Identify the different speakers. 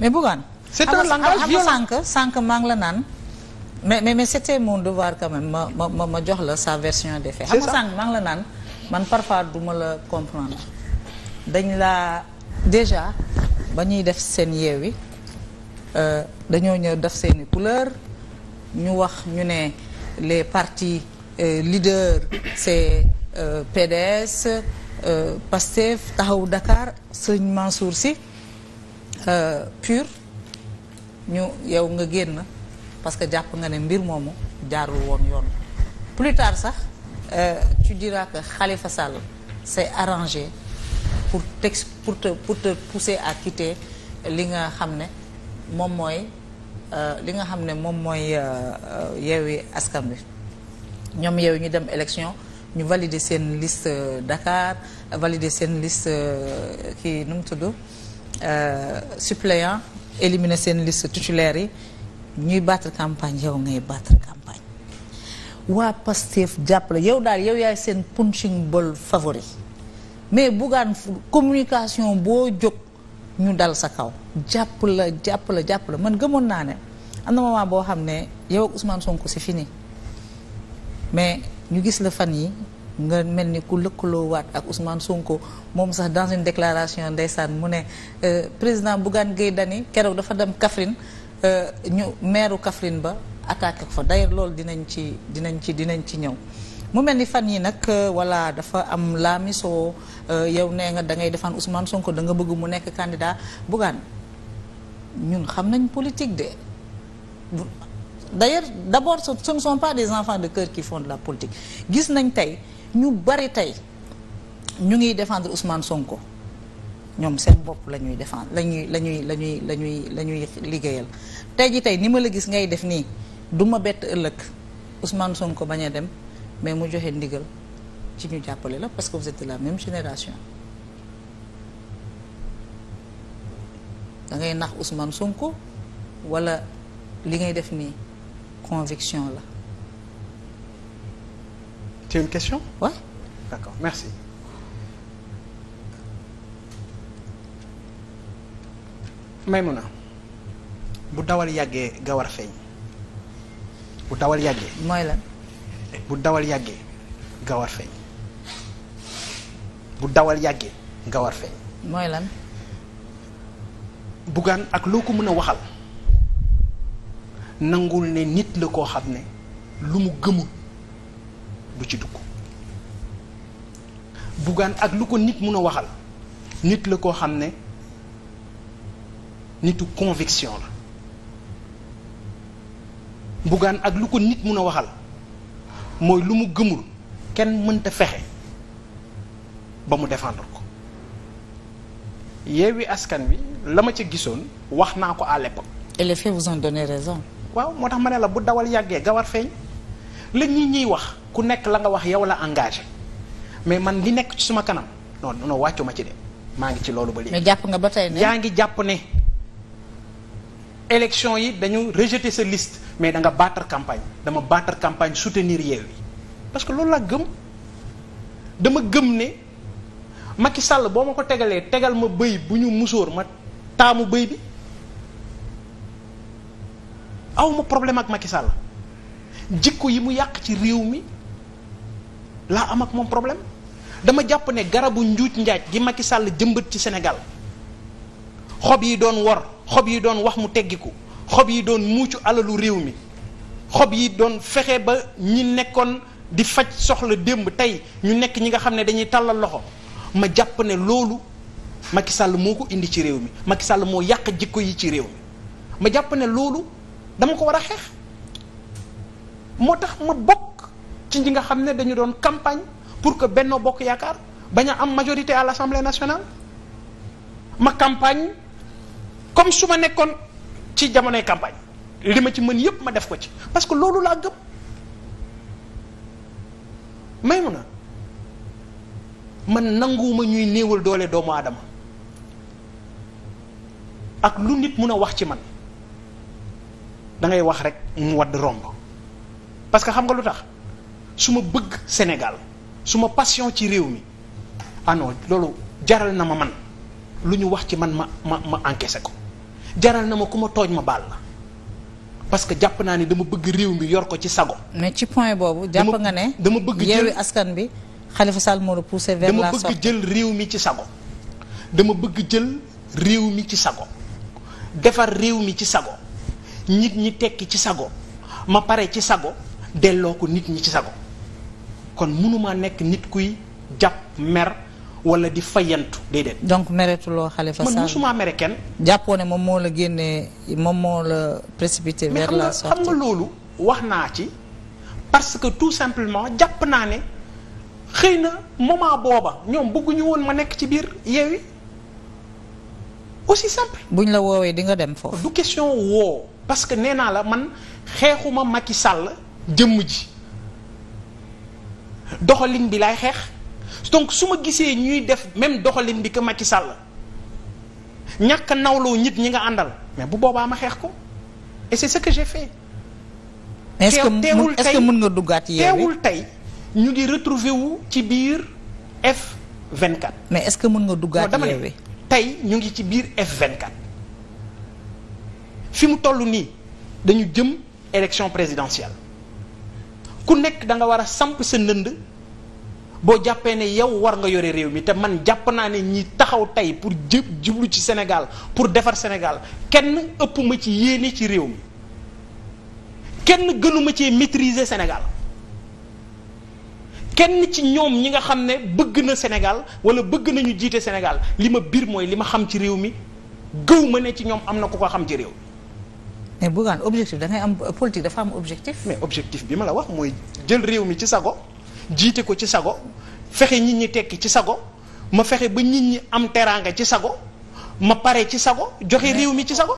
Speaker 1: mais Bougane. c'est un langage violent maa ngi la naan. mais mais mais c'était mon devoir quand même ma ma ma ma jox la sa version des faits. c'est ça xam la naan man parfois du la comprendre. dañ la déjà ba ñuy def seen yeewi euh, dañoo ñëw def seeni couleur ñu wax ñu ne les partis euh, leaders c'est euh, PDS euh, PASTEF Taxawu Dakar sëñ Mansour si Euh, pur ñu yow nga génn parce que jàpp nga ne mbir moomu jaarul woon yoon plus tard sax euh, tu diras que Khalifa Sall s'est arrangé pour tex pour te pour te pousser ak quitter li nga xam ne moom mooy euh, li nga xam ne moom mooy Yewwi Askan Wi ñoom yow ñu dem élection ñu valider seen liste Dakar valider seen liste kii nu mu tudd Euh, suppléant éliminer seen liste titulaire yi ñuy battre campagne yow ngay battre campagne waa Pastef jàppale yow daal yow yaay seen punching bol favori mais Bougane communication boo jóg ñu dal sa kaw jàpp la jàpp la man gëmoon naa ne am na moment boo xam ne yow ak Ousmane Sonko fini mais ñu gis la fan yi nga mel ni ku lëkkaloowaat ak Ousmane Sonko moom sax dans une déclaration ndeysaan mu ne euh, président Bougane Gueye Dany keroog dafa dem kafrin euh, ñu meeru Kaffrine ba attaqué ko fa d'ailleurs lool dinañ ci dinañ ci dinañ ci ñëw. mu mel ni fan yi nag euh, voilà dafa am laamisoo yow nee nga da ngay defaan Ousmane Sonko da nga bëgg mu nekk candidat Bougane ñun xam nañ politique de. d'ailleurs d'abord ce ne sont pas des enfants de kër qui font la politique gis nañ tey ñu bari tey ñu ngi défendre Ousmane Sonko ñoom seen bopp la ñuy défendre la ñuy la ñuy la ñuy la ñuy la ñuy liggéeyal tey ji tey ni ma la gis ngay def nii du ma bett ëllëg Ousmane Sonko bañ a dem mais mu joxe ndigal ci ñu jàppale la parce que vous êtes de la même génération da ngay nax Ousmane Sonko walla li ngay def nii conviction la Tu as une question Ouais.
Speaker 2: bu dawal yàggee gawar feeñ bu dawal yàggee. mooy bu dawal yàggee gawar feeñ bu dawal yàggee gawar feeñ. mooy lan. Bougane ak loo ko mën a waxal nangul ne nit la koo xam ne lu mu gëmul. du ci dugg Bougane ak lu ko nit mun a waxal nit la koo xam ne nitu conviction la Bougane ak lu ko nit mun a waxal mooy lu mu gëmul kenn mënta fexe ba mu défendre ko Yewwi Askan Wi la ma ca gisoon wax naa ko à l'époque les faits vous ont raison waaw moo tax ma ne la bu dawal yàggee gawar feeñ la ñi ñiy wax ku nekk la nga wax yow la engagé mais man li nekk ci suma kanam non non wàccu ma ci de maa ngi ci loolu ba léegi. jàpp
Speaker 1: nga ba tey yaa
Speaker 2: ngi jàpp ne. élection yi dañu rejeter sa liste mais da nga battre campagne dama battre campagne soutenir Yewwi parce que loolu laa gëm dama gëm ne Macky Sall boo ma ko tegalee tegal ma bëy bu ñu musóor ma taamu bëy bi aw ma problème ak Macky Sall jikko yi mu yàq ci réew mi laa am ak moom problème dama jàpp ne garabu njuuj njaaj gi Macky Sall jëmbat ci senegal xob yi doon wor xob yi doon wax mu teggiku xob yi doon muucu alalu réew mi xob yi doon fexe ba ñi nekkoon di faj soxla démb tey ñu nekk ñi nga xam ne dañuy tàllal loxo ma jàpp ne loolu Macky Sall moo ko indi ci réew mi Macky Sall moo yàq jikko yi ci réew mi ma jàpp ne loolu dama ko war a xeex moo tax ma bokk ci ñi nga xam ne dañu doon campagne pour que benn Bokk Yaakaar bañ a am majorité à l'Assemblée nationale ma campagne comme su ma nekkoon ci jamonoy campagne li ma ci mën yëpp ma def ko ci parce que loolu laa gëp may mun a man nanguwuma ñuy néewal doole doomu aadama ak lu nit mun a wax ci man dangay wax rek mu wadd romb parce que xam nga lu tax su ma bëgg Sénégal su ma passion ci réew mi ah loolu jaral na ma man lu ñu wax ci man ma ma ma encaissé ko jaral na ma ku ma tooñ ma baal la parce que jàpp naa ni dama bëgg réew mi yor ko ci sago.
Speaker 1: mais ci point boobu. jàpp nga ne dama bëgg jël askan bi Khalifa Sall moo la poussé vers la sortie
Speaker 2: jël réew mi ci sago. dama bëgg jël réew mi ci sago defar réew mi ci sago nit ñi tekki ci sago ma pare ci sago. delloo ko nit ñi ci sago kon mënuma nekk nit kuy jàpp mer wala di fayantu déedéet.
Speaker 1: donc meretuloo Khalifa Sall man musuma mere kenn. jàppoo ne moom moo la génnee moom moo la précipité. vers la sortie mais xam nga loolu
Speaker 2: wax naa ci parce que tout simplement jàpp naa ne xëy na moment booba ñoom bëgguñu woon ma nekk ci biir Yewwi aussi
Speaker 1: simple. buñ la woowee di nga dem foofu. du
Speaker 2: question woo parce que nee naa la man xeexuma Macky Sall. jëmm ji doxalin bi laay xeex donc su ma gisee ñuy def même doxalin bi que Macky Sall ñàkk nawloo nit ñi nga àndal mais bu boobaa ma xeex ko et c'est ce que j'ai fait.
Speaker 1: teewul tey
Speaker 2: mën nga duggaat yeewi tey ñu di retrouver wu ci biir F24. mais est-ce que mën nga duggaat yeewi tey ñu ngi ci biir f fi mu toll nii dañu jëm élection présidentielle. ku nekk da nga war a samp sa ndënd boo jàppee ne yow war nga yore réew mi te man jàpp naa ne ñi taxaw tey pour jë jublu ci Sénégal pour defar senegal kenn ëppuma ci yéene ci réew mi kenn gënuma ci maîtriser Sénégal kenn ci ñoom ñi nga xam ne bëgg na Sénégal wala bëgg nañu jiite Sénégal li ma biir mooy li ma xam ci réew mi gëw ma ne ci ñoom am na ku ko xam ci réew
Speaker 1: mais Bougane objectif da am politique dafa am objectif. mais objectif bi ma la wax
Speaker 2: mooy jël réew mi ci sago jiite ko ci sago fexe nit ñi tekk ci sago ma fexe ba nit ñi am teraanga ci sago ma pare ci sago joxe réew mi ci sago.